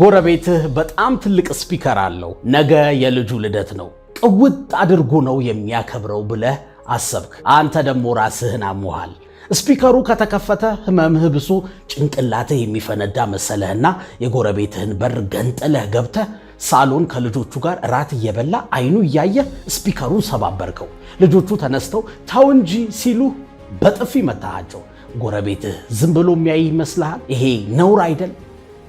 ጎረቤትህ በጣም ትልቅ ስፒከር አለው። ነገ የልጁ ልደት ነው። ቅውጥ አድርጎ ነው የሚያከብረው ብለህ አሰብክ። አንተ ደግሞ ራስህን አሞሃል። ስፒከሩ ከተከፈተ ህመምህ ብሶ ጭንቅላትህ የሚፈነዳ መሰለህና የጎረቤትህን በር ገንጥለህ ገብተህ ሳሎን ከልጆቹ ጋር እራት እየበላ አይኑ እያየ ስፒከሩን ሰባበርከው። ልጆቹ ተነስተው ተው እንጂ ሲሉ በጥፊ መታሃቸው። ጎረቤትህ ዝም ብሎ የሚያይ ይመስልሃል? ይሄ ነውር አይደል?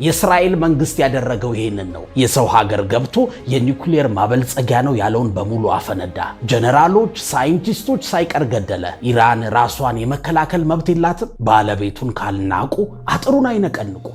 የእስራኤል መንግስት ያደረገው ይሄንን ነው። የሰው ሀገር ገብቶ የኒውክሌር ማበልጸጊያ ነው ያለውን በሙሉ አፈነዳ። ጀነራሎች፣ ሳይንቲስቶች ሳይቀር ገደለ። ኢራን ራሷን የመከላከል መብት የላትም። ባለቤቱን ካልናቁ አጥሩን አይነቀንቁ።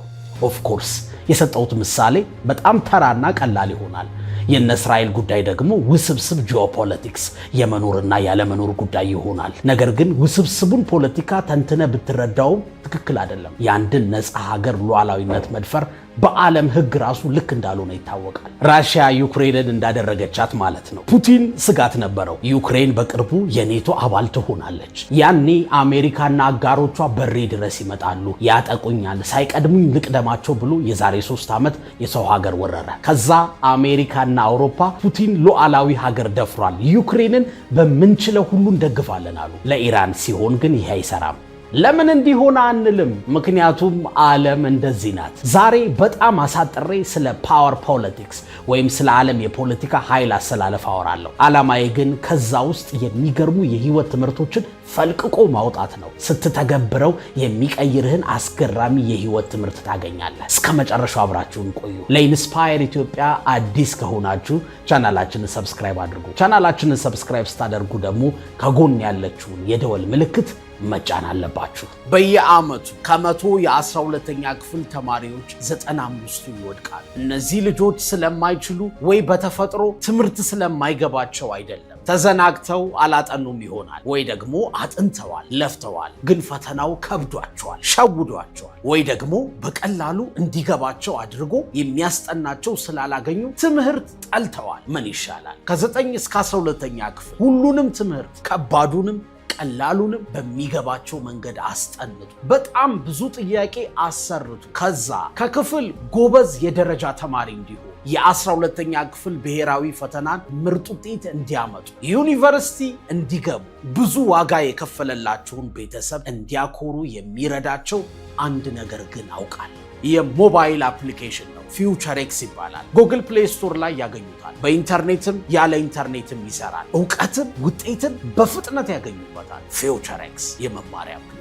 ኦፍኮርስ የሰጠሁት ምሳሌ በጣም ተራና ቀላል ይሆናል። የነ እስራኤል ጉዳይ ደግሞ ውስብስብ ጂኦፖለቲክስ የመኖርና ያለመኖር ጉዳይ ይሆናል። ነገር ግን ውስብስቡን ፖለቲካ ተንትነ ብትረዳውም ትክክል አይደለም። የአንድን ነፃ ሀገር ሉዓላዊነት መድፈር በዓለም ሕግ ራሱ ልክ እንዳልሆነ ይታወቃል። ራሽያ ዩክሬንን እንዳደረገቻት ማለት ነው። ፑቲን ስጋት ነበረው። ዩክሬን በቅርቡ የኔቶ አባል ትሆናለች፣ ያኔ አሜሪካና አጋሮቿ በሬ ድረስ ይመጣሉ፣ ያጠቁኛል፣ ሳይቀድሙኝ ልቅደማቸው ብሎ የዛሬ ሶስት ዓመት የሰው ሀገር ወረረ። ከዛ አሜሪካና አውሮፓ ፑቲን ሉዓላዊ ሀገር ደፍሯል፣ ዩክሬንን በምንችለው ሁሉ እንደግፋለን አሉ። ለኢራን ሲሆን ግን ይሄ አይሰራም። ለምን እንዲሆን አንልም፣ ምክንያቱም ዓለም እንደዚህ ናት። ዛሬ በጣም አሳጥሬ ስለ ፓወር ፖለቲክስ ወይም ስለ ዓለም የፖለቲካ ኃይል አሰላለፍ አወራለሁ። ዓላማዬ ግን ከዛ ውስጥ የሚገርሙ የህይወት ትምህርቶችን ፈልቅቆ ማውጣት ነው። ስትተገብረው የሚቀይርህን አስገራሚ የህይወት ትምህርት ታገኛለህ። እስከ መጨረሻው አብራችሁን ቆዩ። ለኢንስፓየር ኢትዮጵያ አዲስ ከሆናችሁ ቻናላችንን ሰብስክራይብ አድርጉ። ቻናላችንን ሰብስክራይብ ስታደርጉ ደግሞ ከጎን ያለችውን የደወል ምልክት መጫን አለባችሁ። በየአመቱ ከመቶ የ12ተኛ ክፍል ተማሪዎች 95ቱ ይወድቃል። እነዚህ ልጆች ስለማይችሉ ወይ በተፈጥሮ ትምህርት ስለማይገባቸው አይደለም። ተዘናግተው አላጠኑም ይሆናል፣ ወይ ደግሞ አጥንተዋል፣ ለፍተዋል፣ ግን ፈተናው ከብዷቸዋል፣ ሸውዷቸዋል፣ ወይ ደግሞ በቀላሉ እንዲገባቸው አድርጎ የሚያስጠናቸው ስላላገኙ ትምህርት ጠልተዋል። ምን ይሻላል? ከ9 እስከ 12ተኛ ክፍል ሁሉንም ትምህርት ከባዱንም ቀላሉን በሚገባቸው መንገድ አስጠንቱ። በጣም ብዙ ጥያቄ አሰርቱ። ከዛ ከክፍል ጎበዝ የደረጃ ተማሪ እንዲሆን 12 ተኛ ክፍል ብሔራዊ ፈተናን ምርጥ ውጤት እንዲያመጡ ዩኒቨርሲቲ እንዲገቡ ብዙ ዋጋ የከፈለላቸውን ቤተሰብ እንዲያኮሩ የሚረዳቸው አንድ ነገር ግን አውቃለሁ። የሞባይል አፕሊኬሽን ነው። ፊውቸር ኤክስ ይባላል። ጉግል ፕሌይ ስቶር ላይ ያገኙታል። በኢንተርኔትም ያለ ኢንተርኔትም ይሰራል። እውቀትን፣ ውጤትን በፍጥነት ያገኙበታል። ፊውቸር ኤክስ የመማሪያ አፕሊኬሽን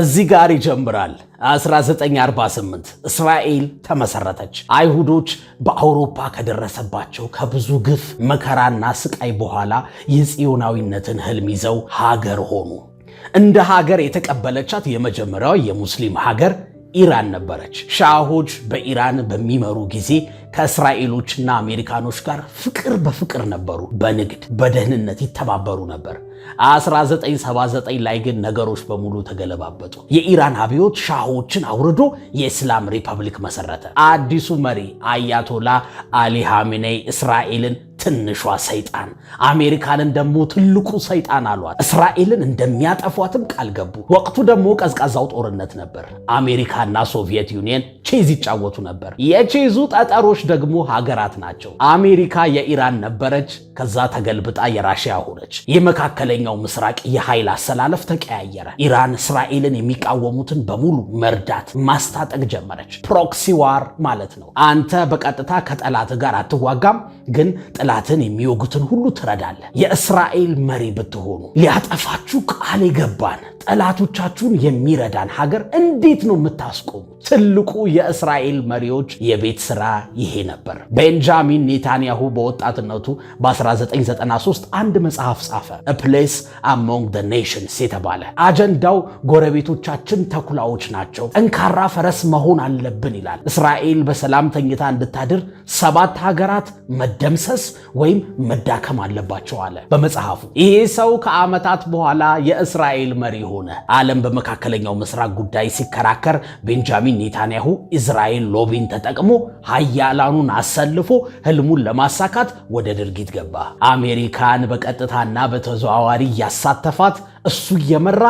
እዚህ ጋር ይጀምራል። 1948 እስራኤል ተመሰረተች። አይሁዶች በአውሮፓ ከደረሰባቸው ከብዙ ግፍ መከራና ስቃይ በኋላ የጽዮናዊነትን ህልም ይዘው ሀገር ሆኑ። እንደ ሀገር የተቀበለቻት የመጀመሪያው የሙስሊም ሀገር ኢራን ነበረች። ሻሆች በኢራን በሚመሩ ጊዜ ከእስራኤሎችና አሜሪካኖች ጋር ፍቅር በፍቅር ነበሩ። በንግድ በደህንነት ይተባበሩ ነበር። 1979 ላይ ግን ነገሮች በሙሉ ተገለባበጡ። የኢራን አብዮት ሻሆችን አውርዶ የእስላም ሪፐብሊክ መሰረተ። አዲሱ መሪ አያቶላ አሊ ሐሚኔይ እስራኤልን ትንሿ ሰይጣን አሜሪካንን ደግሞ ትልቁ ሰይጣን አሏት። እስራኤልን እንደሚያጠፏትም ቃል ገቡ። ወቅቱ ደግሞ ቀዝቃዛው ጦርነት ነበር። አሜሪካና ሶቪየት ዩኒየን ቼዝ ይጫወቱ ነበር። የቼዙ ጠጠሮች ደግሞ ሀገራት ናቸው። አሜሪካ የኢራን ነበረች፣ ከዛ ተገልብጣ የራሽያ ሆነች። የመካከል መካከለኛው ምስራቅ የኃይል አሰላለፍ ተቀያየረ። ኢራን እስራኤልን የሚቃወሙትን በሙሉ መርዳት፣ ማስታጠቅ ጀመረች። ፕሮክሲ ዋር ማለት ነው። አንተ በቀጥታ ከጠላት ጋር አትዋጋም፣ ግን ጠላትን የሚወጉትን ሁሉ ትረዳለህ። የእስራኤል መሪ ብትሆኑ ሊያጠፋችሁ ቃል የገባን ጠላቶቻችሁን የሚረዳን ሀገር እንዴት ነው የምታስቆሙ? ትልቁ የእስራኤል መሪዎች የቤት ስራ ይሄ ነበር። ቤንጃሚን ኔታንያሁ በወጣትነቱ በ1993 አንድ መጽሐፍ ጻፈ፣ ፕሌስ አሞንግ ደ ኔሽንስ የተባለ አጀንዳው ጎረቤቶቻችን ተኩላዎች ናቸው፣ ጠንካራ ፈረስ መሆን አለብን ይላል። እስራኤል በሰላም ተኝታ እንድታድር ሰባት ሀገራት መደምሰስ ወይም መዳከም አለባቸው አለ በመጽሐፉ። ይሄ ሰው ከዓመታት በኋላ የእስራኤል መሪ የሆነ ዓለም በመካከለኛው ምስራቅ ጉዳይ ሲከራከር ቤንጃሚን ኔታንያሁ ኢዝራኤል ሎቢን ተጠቅሞ ሀያላኑን አሰልፎ ህልሙን ለማሳካት ወደ ድርጊት ገባ። አሜሪካን በቀጥታና በተዘዋዋሪ እያሳተፋት እሱ እየመራ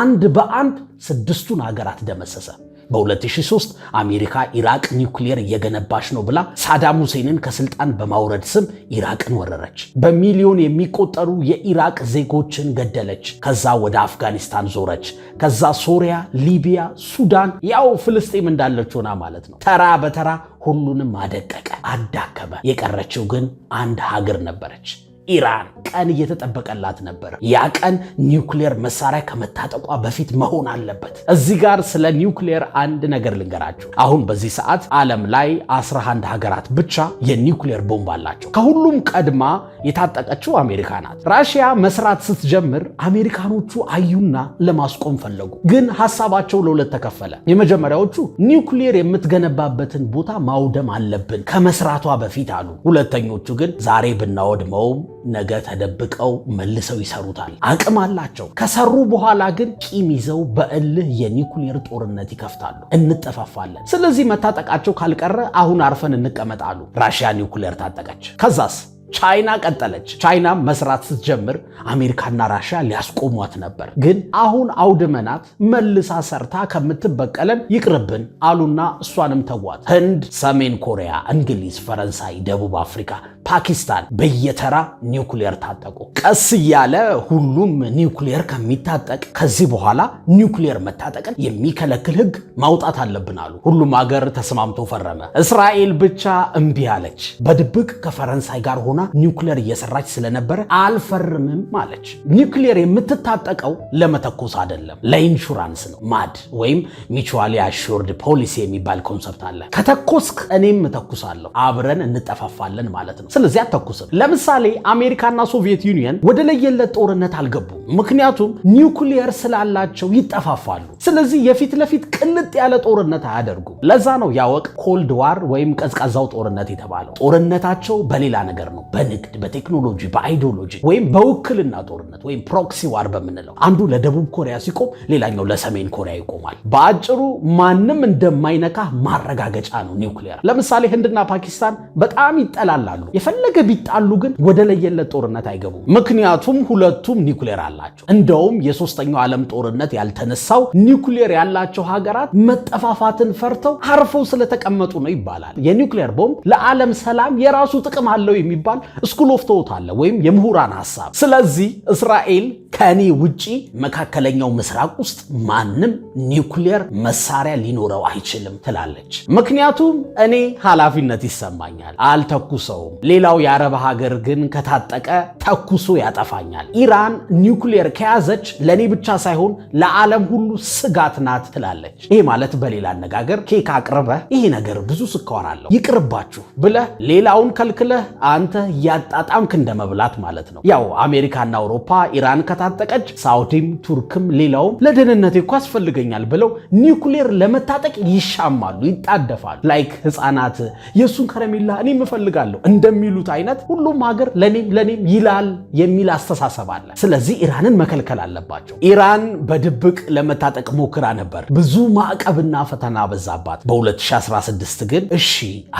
አንድ በአንድ ስድስቱን ሀገራት ደመሰሰ። በ2003 አሜሪካ ኢራቅ ኒውክሊየር እየገነባች ነው ብላ ሳዳም ሁሴንን ከስልጣን በማውረድ ስም ኢራቅን ወረረች። በሚሊዮን የሚቆጠሩ የኢራቅ ዜጎችን ገደለች። ከዛ ወደ አፍጋኒስታን ዞረች። ከዛ ሶሪያ፣ ሊቢያ፣ ሱዳን ያው ፍልስጤም እንዳለች ሆና ማለት ነው። ተራ በተራ ሁሉንም አደቀቀ፣ አዳከመ። የቀረችው ግን አንድ ሀገር ነበረች። ኢራን ቀን እየተጠበቀላት ነበር። ያ ቀን ኒውክሌር መሳሪያ ከመታጠቋ በፊት መሆን አለበት። እዚህ ጋር ስለ ኒውክሌር አንድ ነገር ልንገራችሁ። አሁን በዚህ ሰዓት ዓለም ላይ 11 ሀገራት ብቻ የኒውክሌር ቦምብ አላቸው። ከሁሉም ቀድማ የታጠቀችው አሜሪካ ናት። ራሽያ መስራት ስትጀምር አሜሪካኖቹ አዩና ለማስቆም ፈለጉ። ግን ሀሳባቸው ለሁለት ተከፈለ። የመጀመሪያዎቹ ኒውክሌር የምትገነባበትን ቦታ ማውደም አለብን ከመስራቷ በፊት አሉ። ሁለተኞቹ ግን ዛሬ ብናወድመውም ነገ ተደብቀው መልሰው ይሰሩታል። አቅም አላቸው። ከሰሩ በኋላ ግን ቂም ይዘው በእልህ የኒኩሌር ጦርነት ይከፍታሉ። እንጠፋፋለን። ስለዚህ መታጠቃቸው ካልቀረ አሁን አርፈን እንቀመጣሉ። ራሽያ ኒኩሌር ታጠቀች። ከዛስ ቻይና ቀጠለች። ቻይና መስራት ስትጀምር አሜሪካና ራሽያ ሊያስቆሟት ነበር፣ ግን አሁን አውድመናት መልሳ ሰርታ ከምትበቀለን ይቅርብን አሉና እሷንም ተዋት። ህንድ፣ ሰሜን ኮሪያ፣ እንግሊዝ፣ ፈረንሳይ፣ ደቡብ አፍሪካ ፓኪስታን በየተራ ኒውክሊየር ታጠቁ። ቀስ እያለ ሁሉም ኒውክሊየር ከሚታጠቅ ከዚህ በኋላ ኒውክሊየር መታጠቅን የሚከለክል ህግ ማውጣት አለብን አሉ። ሁሉም አገር ተስማምቶ ፈረመ። እስራኤል ብቻ እምቢ አለች። በድብቅ ከፈረንሳይ ጋር ሆና ኒውክሊየር እየሰራች ስለነበረ አልፈርምም አለች። ኒውክሊየር የምትታጠቀው ለመተኮስ አይደለም፣ ለኢንሹራንስ ነው። ማድ ወይም ሚቹዋሊ አሹርድ ፖሊሲ የሚባል ኮንሰፕት አለ። ከተኮስክ እኔም እተኩሳለሁ፣ አብረን እንጠፋፋለን ማለት ነው። ስለዚህ አተኩስም። ለምሳሌ አሜሪካና ሶቪየት ዩኒየን ወደ ለየለት ጦርነት አልገቡም። ምክንያቱም ኒውክሊየር ስላላቸው ይጠፋፋሉ። ስለዚህ የፊት ለፊት ቅልጥ ያለ ጦርነት አያደርጉም። ለዛ ነው ያ ወቅት ኮልድ ዋር ወይም ቀዝቃዛው ጦርነት የተባለው። ጦርነታቸው በሌላ ነገር ነው፣ በንግድ፣ በቴክኖሎጂ፣ በአይዲዮሎጂ ወይም በውክልና ጦርነት ወይም ፕሮክሲ ዋር በምንለው አንዱ ለደቡብ ኮሪያ ሲቆም ሌላኛው ለሰሜን ኮሪያ ይቆማል። በአጭሩ ማንም እንደማይነካ ማረጋገጫ ነው ኒውክሊየር። ለምሳሌ ህንድና ፓኪስታን በጣም ይጠላላሉ። የፈለገ ቢጣሉ ግን ወደ ለየለት ጦርነት አይገቡም። ምክንያቱም ሁለቱም ኒውክሌር አላቸው። እንደውም የሶስተኛው ዓለም ጦርነት ያልተነሳው ኒውክሌር ያላቸው ሀገራት መጠፋፋትን ፈርተው አርፈው ስለተቀመጡ ነው ይባላል። የኒውክሌር ቦምብ ለዓለም ሰላም የራሱ ጥቅም አለው የሚባል ስኩል ኦፍ ቶት አለ ወይም የምሁራን ሀሳብ። ስለዚህ እስራኤል ከእኔ ውጪ መካከለኛው ምስራቅ ውስጥ ማንም ኒውክሊየር መሳሪያ ሊኖረው አይችልም ትላለች። ምክንያቱም እኔ ኃላፊነት ይሰማኛል፣ አልተኩሰውም። ሌላው የአረብ ሀገር ግን ከታጠቀ ተኩሶ ያጠፋኛል። ኢራን ኒውክሊየር ከያዘች ለእኔ ብቻ ሳይሆን ለዓለም ሁሉ ስጋት ናት ትላለች። ይሄ ማለት በሌላ አነጋገር ኬክ አቅርበህ ይሄ ነገር ብዙ ስኳር አለው ይቅርባችሁ ብለህ ሌላውን ከልክለህ አንተ እያጣጣምክ እንደመብላት ማለት ነው። ያው አሜሪካና አውሮፓ ኢራን ከታጠቀች ሳውዲም ቱርክም ሌላውም ለደህንነቴ እኮ አስፈልገኛል ብለው ኒውክሌር ለመታጠቅ ይሻማሉ፣ ይጣደፋሉ። ላይክ ህፃናት የእሱን ከረሜላ እኔም እፈልጋለሁ እንደሚሉት አይነት ሁሉም ሀገር ለኔም ለኔም ይላል የሚል አስተሳሰብ አለ። ስለዚህ ኢራንን መከልከል አለባቸው። ኢራን በድብቅ ለመታጠቅ ሞክራ ነበር፣ ብዙ ማዕቀብና ፈተና በዛባት። በ2016 ግን እሺ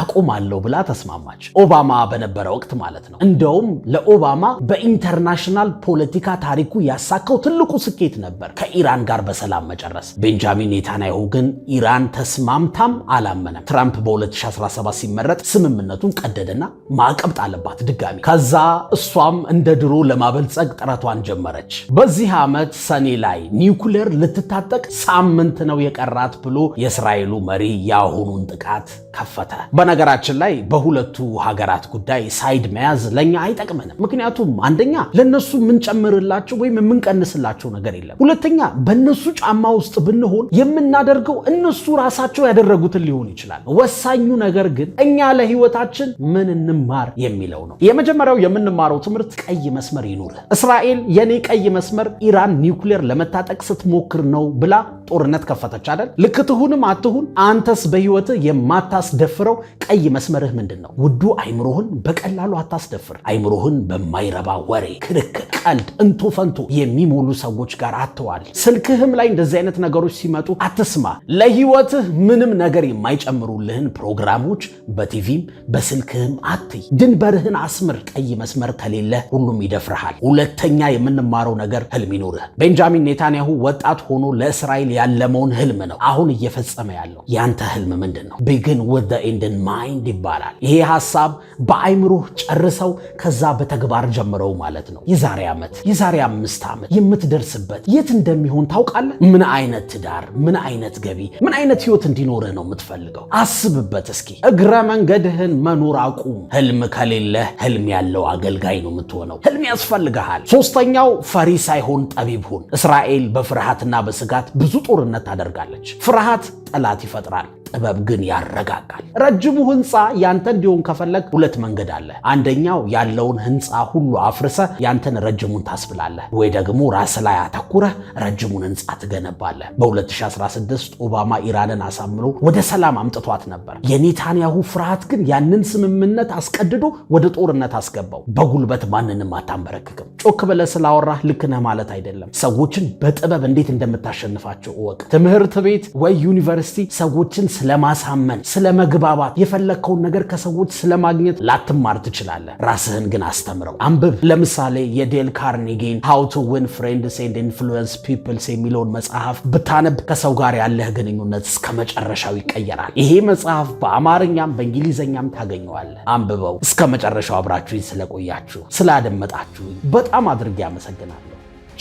አቁማለሁ ብላ ተስማማች፣ ኦባማ በነበረ ወቅት ማለት ነው። እንደውም ለኦባማ በኢንተርናሽናል ፖለቲካ ታሪክ ታሪኩ ያሳካው ትልቁ ስኬት ነበር፣ ከኢራን ጋር በሰላም መጨረስ። ቤንጃሚን ኔታንያሁ ግን ኢራን ተስማምታም አላመነም። ትራምፕ በ2017 ሲመረጥ ስምምነቱን ቀደደና ማዕቀብ ጣለባት ድጋሚ። ከዛ እሷም እንደ ድሮ ለማበልጸግ ጥረቷን ጀመረች። በዚህ ዓመት ሰኔ ላይ ኒውክሌር ልትታጠቅ ሳምንት ነው የቀራት ብሎ የእስራኤሉ መሪ የአሁኑን ጥቃት ከፈተ። በነገራችን ላይ በሁለቱ ሀገራት ጉዳይ ሳይድ መያዝ ለእኛ አይጠቅመንም። ምክንያቱም አንደኛ ለእነሱ የምንጨምርላቸው ወይም የምንቀንስላቸው ነገር የለም። ሁለተኛ በእነሱ ጫማ ውስጥ ብንሆን የምናደርገው እነሱ ራሳቸው ያደረጉትን ሊሆን ይችላል። ወሳኙ ነገር ግን እኛ ለህይወታችን ምን እንማር የሚለው ነው። የመጀመሪያው የምንማረው ትምህርት ቀይ መስመር ይኑርህ። እስራኤል የኔ ቀይ መስመር ኢራን ኒውክሌር ለመታጠቅ ስትሞክር ነው ብላ ጦርነት ከፈተች አይደል? ልክ ትሁንም አትሁን፣ አንተስ በህይወትህ የማታስደፍረው ቀይ መስመርህ ምንድን ነው? ውዱ አይምሮህን በቀላሉ አታስደፍር። አይምሮህን በማይረባ ወሬ፣ ክርክር፣ ቀልድ፣ እንቶፈን ከንቱ የሚሞሉ ሰዎች ጋር አትዋል። ስልክህም ላይ እንደዚህ አይነት ነገሮች ሲመጡ አትስማ። ለህይወትህ ምንም ነገር የማይጨምሩልህን ፕሮግራሞች በቲቪም በስልክህም አትይ። ድንበርህን አስምር። ቀይ መስመር ከሌለ ሁሉም ይደፍርሃል። ሁለተኛ የምንማረው ነገር ህልም ይኑርህ። ቤንጃሚን ኔታንያሁ ወጣት ሆኖ ለእስራኤል ያለመውን ህልም ነው አሁን እየፈጸመ ያለው። ያንተ ህልም ምንድን ነው? ቢግን ወደ ኤንድን ማይንድ ይባላል። ይሄ ሀሳብ በአይምሮህ ጨርሰው ከዛ በተግባር ጀምረው ማለት ነው። የዛሬ ዓመት የዛሬ አምስት ዓመት የምትደርስበት የት እንደሚሆን ታውቃለህ? ምን አይነት ትዳር፣ ምን አይነት ገቢ፣ ምን አይነት ህይወት እንዲኖርህ ነው የምትፈልገው? አስብበት እስኪ። እግረ መንገድህን መኖር አቁም። ህልም ከሌለህ ህልም ያለው አገልጋይ ነው የምትሆነው። ህልም ያስፈልግሃል። ሶስተኛው ፈሪ ሳይሆን ጠቢብ ሁን። እስራኤል በፍርሃትና በስጋት ብዙ ጦርነት ታደርጋለች። ፍርሃት ጠላት ይፈጥራል። ጥበብ ግን ያረጋጋል። ረጅሙ ህንፃ ያንተ እንዲሆን ከፈለግ ሁለት መንገድ አለ። አንደኛው ያለውን ህንፃ ሁሉ አፍርሰ ያንተን ረጅሙን ታስብላለህ፣ ወይ ደግሞ ራስ ላይ አተኩረህ ረጅሙን ህንፃ ትገነባለህ። በ2016 ኦባማ ኢራንን አሳምኖ ወደ ሰላም አምጥቷት ነበር። የኔታንያሁ ፍርሃት ግን ያንን ስምምነት አስቀድዶ ወደ ጦርነት አስገባው። በጉልበት ማንንም አታንበረክክም። ጮክ ብለህ ስላወራህ ልክ ነህ ማለት አይደለም። ሰዎችን በጥበብ እንዴት እንደምታሸንፋቸው እወቅ። ትምህርት ቤት ወይ ዩኒቨርሲቲ ዩኒቨርሲቲ ሰዎችን ስለማሳመን፣ ስለመግባባት፣ የፈለግከውን ነገር ከሰዎች ስለማግኘት ላትማር ትችላለህ። ራስህን ግን አስተምረው፣ አንብብ። ለምሳሌ የዴል ካርኒጌን ሃው ቱ ዊን ፍሬንድስ ኤንድ ኢንፍሉዌንስ ፒፕልስ የሚለውን መጽሐፍ ብታነብ ከሰው ጋር ያለህ ግንኙነት እስከ መጨረሻው ይቀየራል። ይሄ መጽሐፍ በአማርኛም በእንግሊዝኛም ታገኘዋለህ። አንብበው። እስከ መጨረሻው አብራችሁኝ ስለቆያችሁ ስላደመጣችሁ በጣም አድርጌ አመሰግናለሁ።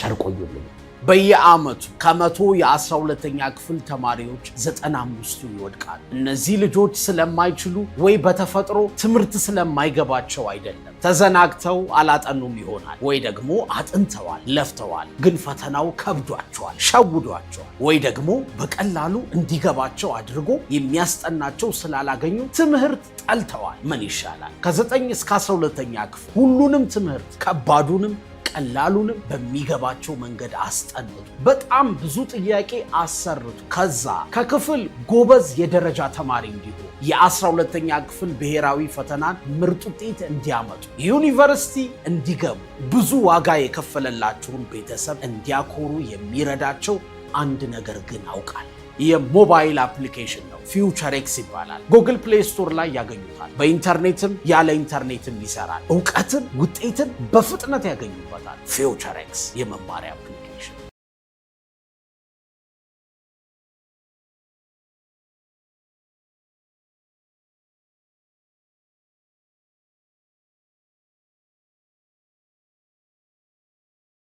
ቸር ቆዩልኝ። በየዓመቱ ከመቶ የአስራ ሁለተኛ ክፍል ተማሪዎች ዘጠና አምስቱ ይወድቃል። እነዚህ ልጆች ስለማይችሉ ወይ በተፈጥሮ ትምህርት ስለማይገባቸው አይደለም፣ ተዘናግተው አላጠኑም ይሆናል፣ ወይ ደግሞ አጥንተዋል፣ ለፍተዋል፣ ግን ፈተናው ከብዷቸዋል፣ ሸውዷቸዋል፣ ወይ ደግሞ በቀላሉ እንዲገባቸው አድርጎ የሚያስጠናቸው ስላላገኙ ትምህርት ጠልተዋል። ምን ይሻላል? ከዘጠኝ እስከ አስራ ሁለተኛ ክፍል ሁሉንም ትምህርት ከባዱንም ቀላሉን በሚገባቸው መንገድ አስጠንቱ። በጣም ብዙ ጥያቄ አሰርቱ። ከዛ ከክፍል ጎበዝ የደረጃ ተማሪ እንዲሆ የ12ተኛ ክፍል ብሔራዊ ፈተናን ምርጥ ውጤት እንዲያመጡ ዩኒቨርሲቲ እንዲገቡ ብዙ ዋጋ የከፈለላቸውን ቤተሰብ እንዲያኮሩ የሚረዳቸው አንድ ነገር ግን አውቃል። የሞባይል አፕሊኬሽን ነው። ፊውቸር ኤክስ ይባላል። ጉግል ፕሌይ ስቶር ላይ ያገኙታል። በኢንተርኔትም ያለ ኢንተርኔትም ይሰራል። እውቀትን፣ ውጤትን በፍጥነት ያገኙበታል። ፊውቸር ኤክስ የመማሪያ